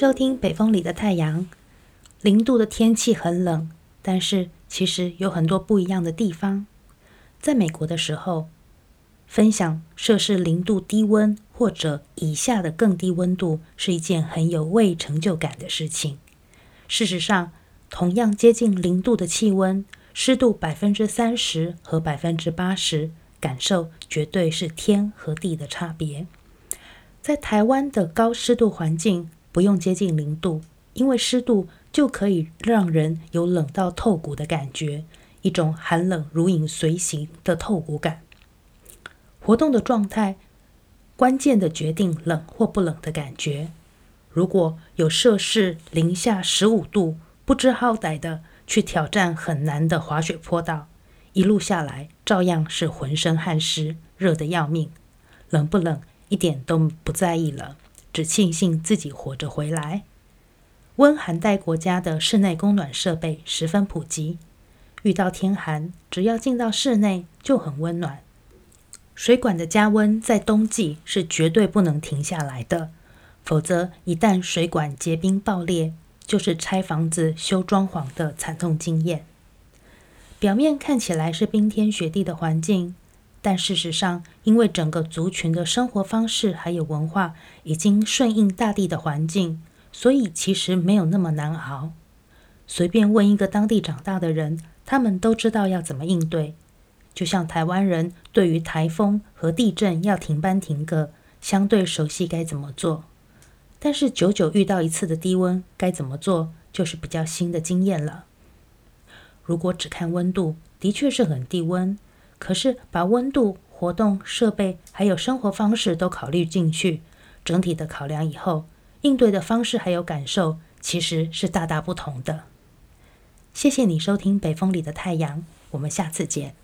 收聽北風裡的太陽。零度的天氣很冷，但是其實有很多不一樣的地方。在美國的時候，分享攝氏零度低溫或者以下的更低溫度是一件很有偽成就感的事情。事實上，同樣接近零度的氣溫，濕度百分之三十和百分之八十，感受絕對是天和地的差別。在台灣的高濕度環境，不用接近零度，因為濕度就可以讓人有冷到透骨的感覺，一種寒冷如影隨形的透骨感。活動的狀態關鍵的決定冷或不冷的感覺。如果有攝氏零下十五度，不知好歹的去挑戰很難的滑雪坡道，一路下來照樣是渾身汗濕，熱得要命，冷不冷一點都不在意了。只慶幸自己活着回來。溫寒帶國家的室內供暖設備十分普及，遇到天寒，只要進到室內就很溫暖。水管的加溫在冬季是絕對不能停下來的，否則一旦水管結冰爆裂，就是拆房子修裝潢的慘痛經驗。表面看起來是冰天雪地的環境。但事實上，因為整個族群的生活方式還有文化已經順應大地的環境，所以其實沒有那麼難熬。隨便問一個當地長大的人，他們都知道要怎麼應對。就像台灣人對於台風和地震要停班停課，相對熟悉該怎麼做。但是久久遇到一次的低溫，該怎麼做就是比較新的經驗了。如果只看溫度，的確是很低溫。可是，把溫度、活動、設備，還有生活方式都考慮進去，整體的考量以後，應對的方式還有感受，其實是大大不同的。謝謝你收聽《北風裡的太陽》，我們下次見。